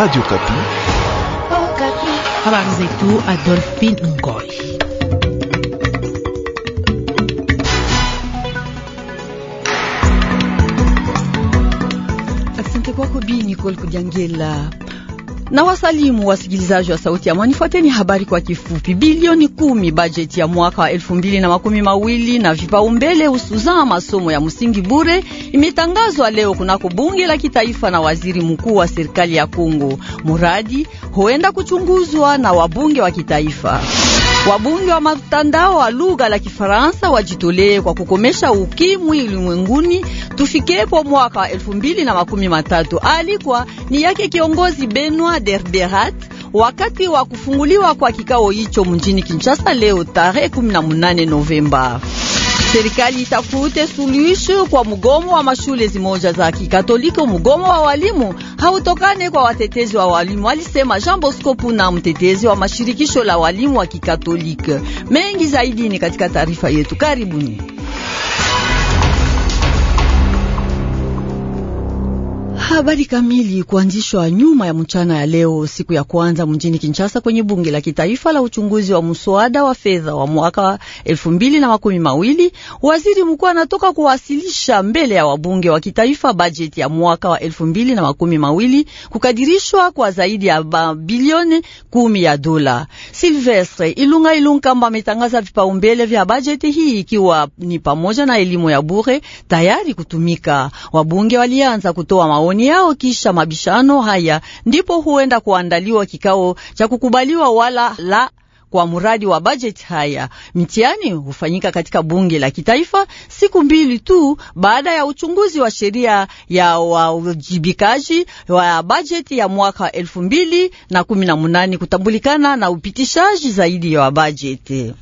Radio Kapi. Oh, Kapi. Habari zetu Adolphine Ngoy. Asante kwako Bi Nicole Kujangela na wasalimu wasikilizaji wa Sauti ya Mwani. Fuateni habari kwa kifupi. Bilioni kumi bajeti ya mwaka wa elfu mbili na makumi mawili na vipaumbele husuzaa masomo ya msingi bure imetangazwa leo kunako bunge la kitaifa na waziri mkuu wa serikali ya Kongo. Muradi huenda kuchunguzwa na wabunge wa kitaifa. Wabunge wa mtandao wa lugha la Kifaransa wajitolee kwa kukomesha ukimwi ulimwenguni tufikepo mwaka elfu mbili na makumi matatu. ni yake kiongozi Benoit Derberat wakati wa kufunguliwa kwa kikao hicho mjini Kinshasa leo tarehe 18 Novemba. Serikali itafute suluhisho kwa mgomo wa mashule zimoja za Kikatoliki. Mgomo wa walimu hautokane kwa watetezi wa walimu, alisema Jean Bosco Puna, mtetezi wa mashirikisho la walimu wa Kikatoliki. Mengi zaidi ni katika taarifa yetu, karibuni. Habari kamili kuanzishwa nyuma ya mchana ya leo, siku ya kwanza mjini Kinshasa kwenye bunge la kitaifa la uchunguzi wa mswada wa fedha wa mwaka elfu mbili na makumi mawili. Waziri mkuu anatoka kuwasilisha mbele ya wabunge wa kitaifa bajeti ya mwaka wa elfu mbili na makumi mawili kukadirishwa kwa zaidi ya bilioni kumi ya dola. Silvestre Ilunga Ilunkamba ametangaza vipaumbele vya bajeti hii ikiwa ni pamoja na elimu ya bure tayari kutumika. Wabunge walianza kutoa maoni yao. Kisha mabishano haya ndipo huenda kuandaliwa kikao cha kukubaliwa wala la kwa mradi wa bajeti. Haya mtihani hufanyika katika bunge la kitaifa siku mbili tu baada ya uchunguzi wa sheria ya wajibikaji wa bajeti ya mwaka elfu mbili na kumi na munane kutambulikana na upitishaji zaidi wa bajeti.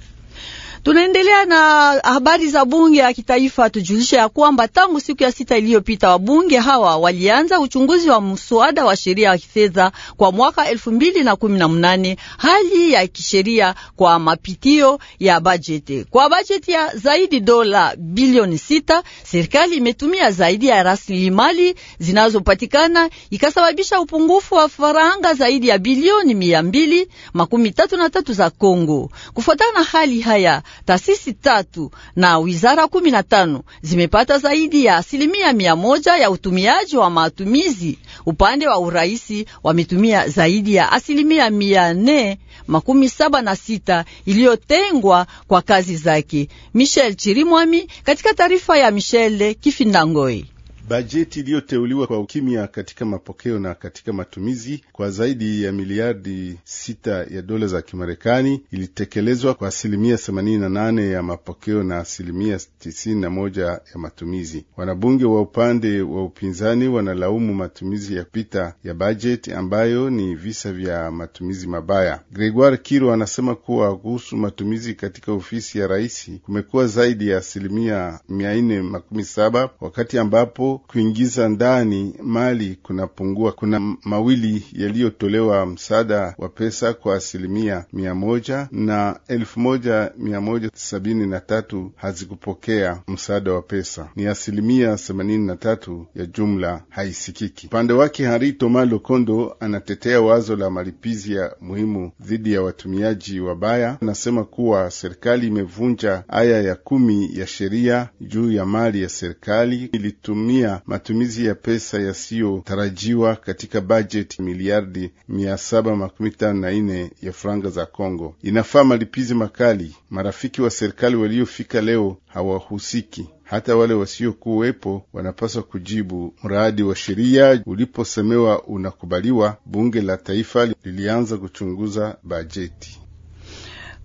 Tunaendelea na habari za bunge ya kitaifa. tujulisha ya kwamba tangu siku ya sita iliyopita wabunge hawa walianza uchunguzi wa mswada wa sheria ya kifedha kwa mwaka elfu mbili na kumi na mnane hali ya kisheria kwa mapitio ya bajeti. Kwa bajeti ya zaidi dola bilioni sita serikali imetumia zaidi ya rasilimali zinazopatikana ikasababisha upungufu wa faranga zaidi ya bilioni mia mbili makumi tatu na tatu za Kongo. Kufuatana na hali haya taasisi tatu na wizara kumi na tano zimepata zaidi ya asilimia mia moja ya utumiaji wa matumizi. Upande wa uraisi wametumia zaidi ya asilimia mia nne makumi saba na sita iliyotengwa kwa kazi zake. Michel Chirimwami katika taarifa ya Michele Kifindangoi bajeti iliyoteuliwa kwa ukimya katika mapokeo na katika matumizi kwa zaidi ya miliardi sita ya dola za Kimarekani ilitekelezwa kwa asilimia themanini na nane ya mapokeo na asilimia tisini na moja ya matumizi. Wanabunge wa upande wa upinzani wanalaumu matumizi ya pita ya bajeti ambayo ni visa vya matumizi mabaya. Gregoire Kiro anasema kuwa kuhusu matumizi katika ofisi ya rais kumekuwa zaidi ya asilimia mia nne makumi saba wakati ambapo kuingiza ndani mali kunapungua. Kuna mawili yaliyotolewa msaada wa pesa kwa asilimia mia moja na elfu moja mia moja sabini na tatu hazikupokea msaada wa pesa, ni asilimia themanini na tatu ya jumla haisikiki. Upande wake Hari Toma Lokondo anatetea wazo la malipizi ya muhimu dhidi ya watumiaji wabaya. Anasema kuwa serikali imevunja aya ya kumi ya sheria juu ya mali ya serikali ilitumia kusimamia matumizi ya pesa yasiyotarajiwa katika bajeti miliardi mia saba makumi tano na nne ya franga za Kongo. Inafaa malipizi makali. Marafiki wa serikali waliofika leo hawahusiki hata wale wasiokuwepo wanapaswa kujibu. Mradi wa sheria uliposemewa unakubaliwa, bunge la taifa lilianza kuchunguza bajeti.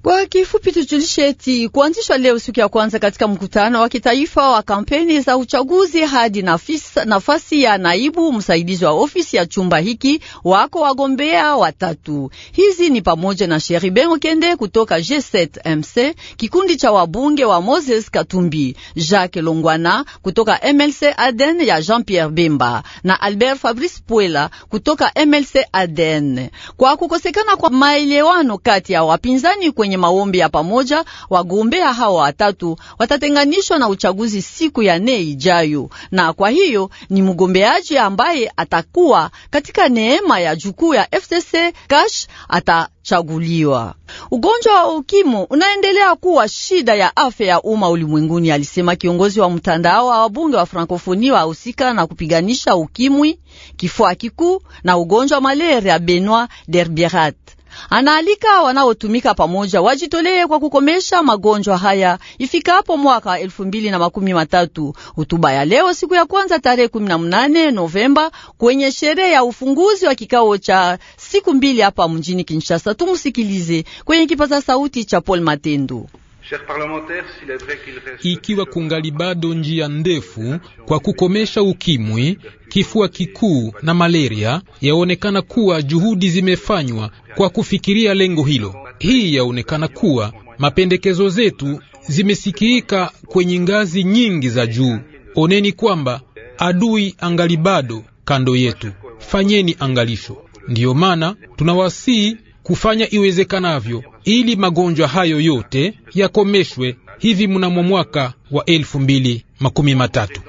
Kwa kifupi tujulishe eti kuanzishwa leo siku ya kwanza katika mkutano wa kitaifa wa kampeni za uchaguzi hadi nafisa, nafasi ya naibu msaidizi wa ofisi ya chumba hiki wako wagombea watatu. Hizi ni pamoja na Sheriben Okende kutoka G7MC, kikundi cha wabunge wa Moses Katumbi, Jacques Longwana kutoka MLC Aden ya Jean-Pierre Bemba na Albert Fabrice Puela kutoka MLC Aden. Kwa kukosekana kwa maelewano kati ya wapinzani kwenye kwenye maombi ya pamoja. Wagombea hao watatu watatenganishwa na uchaguzi siku ya nne ijayo, na kwa hiyo ni mgombeaji ambaye atakuwa katika neema ya jukuu ya FCC cash ata chaguliwa. Ugonjwa wa ukimwi unaendelea kuwa shida ya afya ya umma ulimwenguni, alisema kiongozi wa mtandao wa wabunge wa Frankofoni wa na kupiganisha ukimwi, kifua kikuu na ugonjwa wa malaria, Benoit Derbierat. Anaalika wanaotumika pamoja wajitolee kwa kukomesha magonjwa haya ifikapo mwaka elfu mbili na makumi matatu. Hutuba ya leo siku ya kwanza tarehe 18 Novemba kwenye sherehe ya ufunguzi wa kikao cha siku mbili hapa mjini Kinshasa. Tumusikilize kwenye kipaza sauti cha Paul Matendo ikiwa kungali bado njia ndefu kwa kukomesha ukimwi, kifua kikuu na malaria, yaonekana kuwa juhudi zimefanywa kwa kufikiria lengo hilo. Hii yaonekana kuwa mapendekezo zetu zimesikiika kwenye ngazi nyingi za juu. Oneni kwamba adui angali bado kando yetu, fanyeni angalisho. Ndiyo maana tunawasihi kufanya iwezekanavyo ili magonjwa hayo yote yakomeshwe hivi mnamo mwaka wa elfu mbili makumi matatu.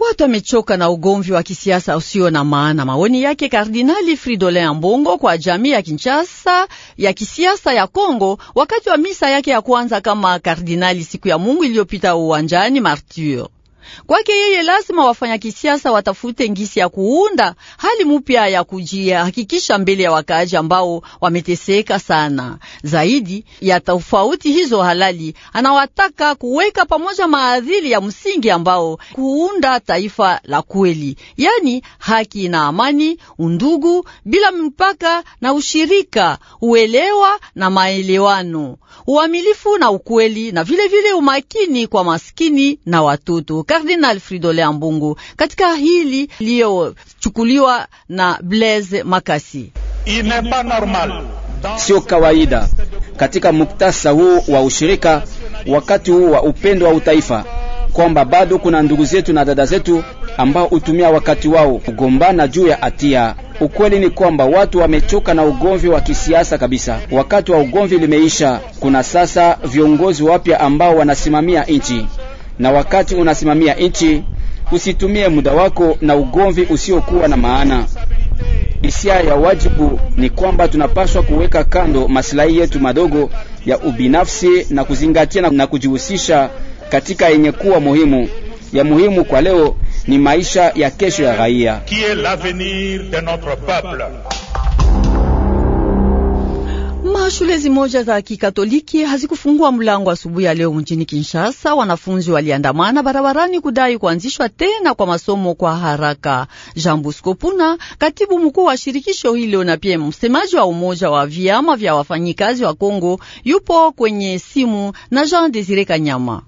Watu wamechoka na ugomvi wa kisiasa usio na maana. Maoni yake Kardinali Fridolin Ambongo kwa jamii ya Kinshasa ya kisiasa ya Kongo wakati wa misa yake ya kwanza kama kardinali siku ya Mungu iliyopita uwanjani Martyr Kwake yeye lazima wafanya kisiasa watafute ngisi ya kuunda hali mupya ya kujia hakikisha mbele ya wakaaji ambao wameteseka sana zaidi ya tofauti hizo halali. Anawataka kuweka pamoja maadhili ya msingi ambao kuunda taifa la kweli, yani haki na amani, undugu bila mipaka na ushirika, uelewa na maelewano, uamilifu na ukweli, na vilevile vile umakini kwa maskini na watoto. Kardinal Fridole Ambungu katika hili liyochukuliwa na Blaise Makasi. Inepa normal Sio kawaida katika muktasa huu wa ushirika, wakati huu wa upendo wa utaifa, kwamba bado kuna ndugu zetu na dada zetu ambao hutumia wakati wao kugombana juu ya hatia. Ukweli ni kwamba watu wamechoka na ugomvi wa kisiasa kabisa. Wakati wa ugomvi limeisha, kuna sasa viongozi wapya ambao wanasimamia nchi na wakati unasimamia nchi usitumie muda wako na ugomvi usiokuwa na maana. Hisia ya wajibu ni kwamba tunapaswa kuweka kando masilahi yetu madogo ya ubinafsi na kuzingatia na kujihusisha katika yenye kuwa muhimu. Ya muhimu kwa leo ni maisha ya kesho ya raia shule zimoja za Kikatoliki hazikufungua mlango asubuhi ya leo mjini Kinshasa. Wanafunzi waliandamana barabarani kudai kuanzishwa tena kwa masomo kwa haraka. Jean Bosco Puna, katibu mkuu wa shirikisho hilo na pia msemaji wa umoja wa vyama vya wafanyikazi wa Kongo, yupo kwenye simu na Jean Desire Kanyama.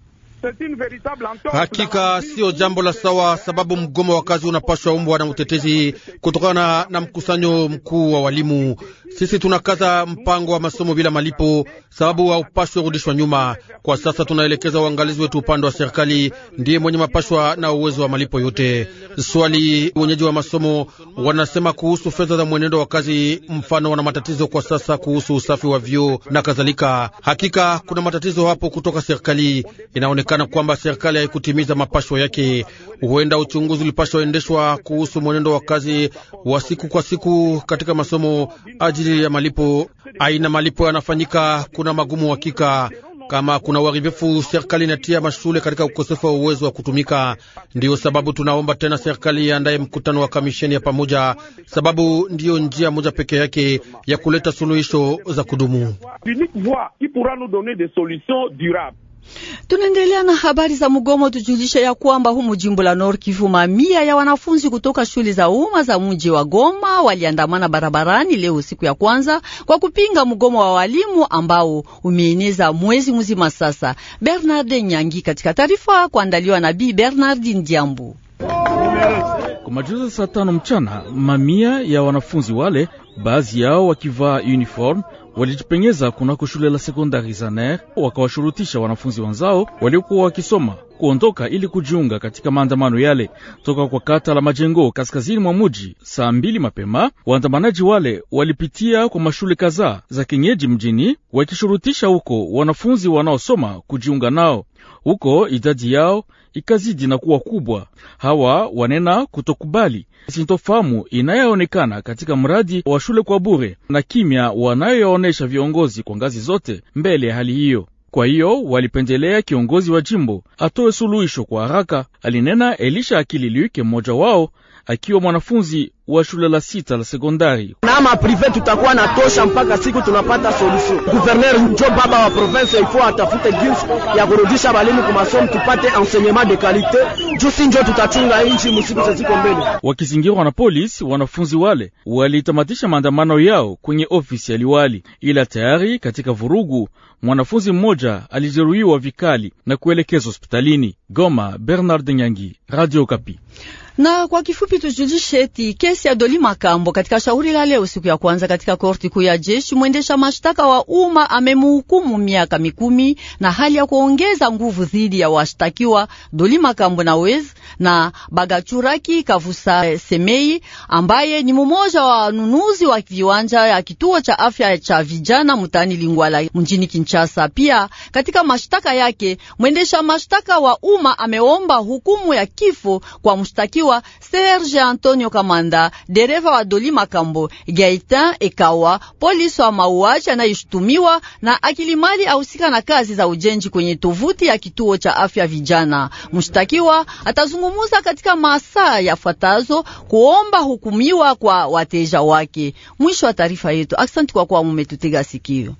Hakika sio jambo la sawa, sababu mgomo wa kazi unapashwa umbwa na utetezi kutokana na mkusanyo mkuu wa walimu. Sisi tunakaza mpango wa masomo bila malipo, sababu haupashwe rudishwa nyuma. Kwa sasa tunaelekeza uangalizi wetu upande wa serikali, ndiye mwenye mapashwa na uwezo wa malipo yote. Swali wenyeji wa masomo wanasema kuhusu fedha za mwenendo wa kazi, mfano wana matatizo kwa sasa kuhusu usafi wa vyoo na kadhalika. Hakika kuna matatizo hapo kutoka serikali, inaonekana inaonekana kwamba serikali haikutimiza mapasho yake. Huenda uchunguzi ulipashwa endeshwa kuhusu mwenendo wa kazi wa siku kwa siku katika masomo ajili ya malipo. Aina malipo yanafanyika, kuna magumu hakika kama kuna uharibifu, serikali inatia mashule katika ukosefu wa uwezo wa kutumika. Ndiyo sababu tunaomba tena serikali iandaye mkutano wa kamisheni ya pamoja, sababu ndiyo njia moja pekee yake ya kuleta suluhisho za kudumu. Tunaendelea na habari za mgomo. Tujulishe ya kwamba humu jimbo la Nord Kivu, mamia ya wanafunzi kutoka shule za umma za mji wa Goma waliandamana barabarani leo siku ya kwanza kwa kupinga mgomo wa walimu ambao umeeneza mwezi mzima sasa. Bernard Nyangi katika taarifa kuandaliwa na Bi Bernard Ndiambu. Kwa majira saa tano mchana, mamia ya wanafunzi wale, baadhi yao wakivaa uniform, walijipengeza kunako shule la sekondari Zaner, wakawashurutisha wanafunzi wenzao waliokuwa wakisoma kuondoka ili kujiunga katika maandamano yale toka kwa kata la Majengo kaskazini mwa muji. Saa mbili mapema, waandamanaji wale walipitia kwa mashule kadhaa za kienyeji mjini, wakishurutisha huko wanafunzi wanaosoma kujiunga nao huko idadi yao ikazidi na kuwa kubwa. Hawa wanena kutokubali sintofahamu inayoonekana katika mradi wa shule kwa bure na kimya wanayoyaonyesha viongozi kwa ngazi zote mbele ya hali hiyo. Kwa hiyo walipendelea kiongozi wa jimbo atoe suluhisho kwa haraka, alinena Elisha Akili Luke, mmoja wao akiwa mwanafunzi wa shule la sita la sekondari. Nama prive tutakuwa na tosha mpaka siku tunapata solution. Guverner njo baba wa province ifo atafute jinsi ya kurudisha balimu kwa masomo, tupate enseignement de qualité juu si njo tutachunga nchi musiku zaziko mbele. Wakizingirwa na polisi, wanafunzi wale walitamatisha maandamano yao kwenye ofisi ya liwali, ila tayari katika vurugu mwanafunzi mmoja alijeruhiwa vikali na kuelekezwa hospitalini. Goma, Bernard Nyangi, Radio Kapi. Na kwa kifupi tujulishe eti kesi ya Doli Makambo katika shauri la leo siku ya kwanza katika korti kuu ya jeshi, mwendesha mashtaka wa umma amemuhukumu miaka mikumi na hali ya kuongeza nguvu dhidi ya washtakiwa Doli Makambo na Wez na Bagachuraki Kavusa Semei ambaye ni mmoja wa wanunuzi wa viwanja ya kituo cha afya cha vijana mutani Lingwala mjini Kinshasa. Pia katika mashtaka yake mwendesha mashtaka wa umma ameomba hukumu ya kifo kwa mshtakiwa kuchaguliwa Serge Antonio Kamanda, dereva wa Doli Makambo, Gaetan Ekawa, polisi wa mauaji anayeshutumiwa na akilimali ahusika na kazi za ujenzi kwenye tovuti ya kituo cha afya vijana. Mshtakiwa atazungumuza katika masaa yafuatazo kuomba hukumiwa kwa wateja wake. Mwisho wa taarifa yetu. Asante kwa kuwa mumetutega sikio.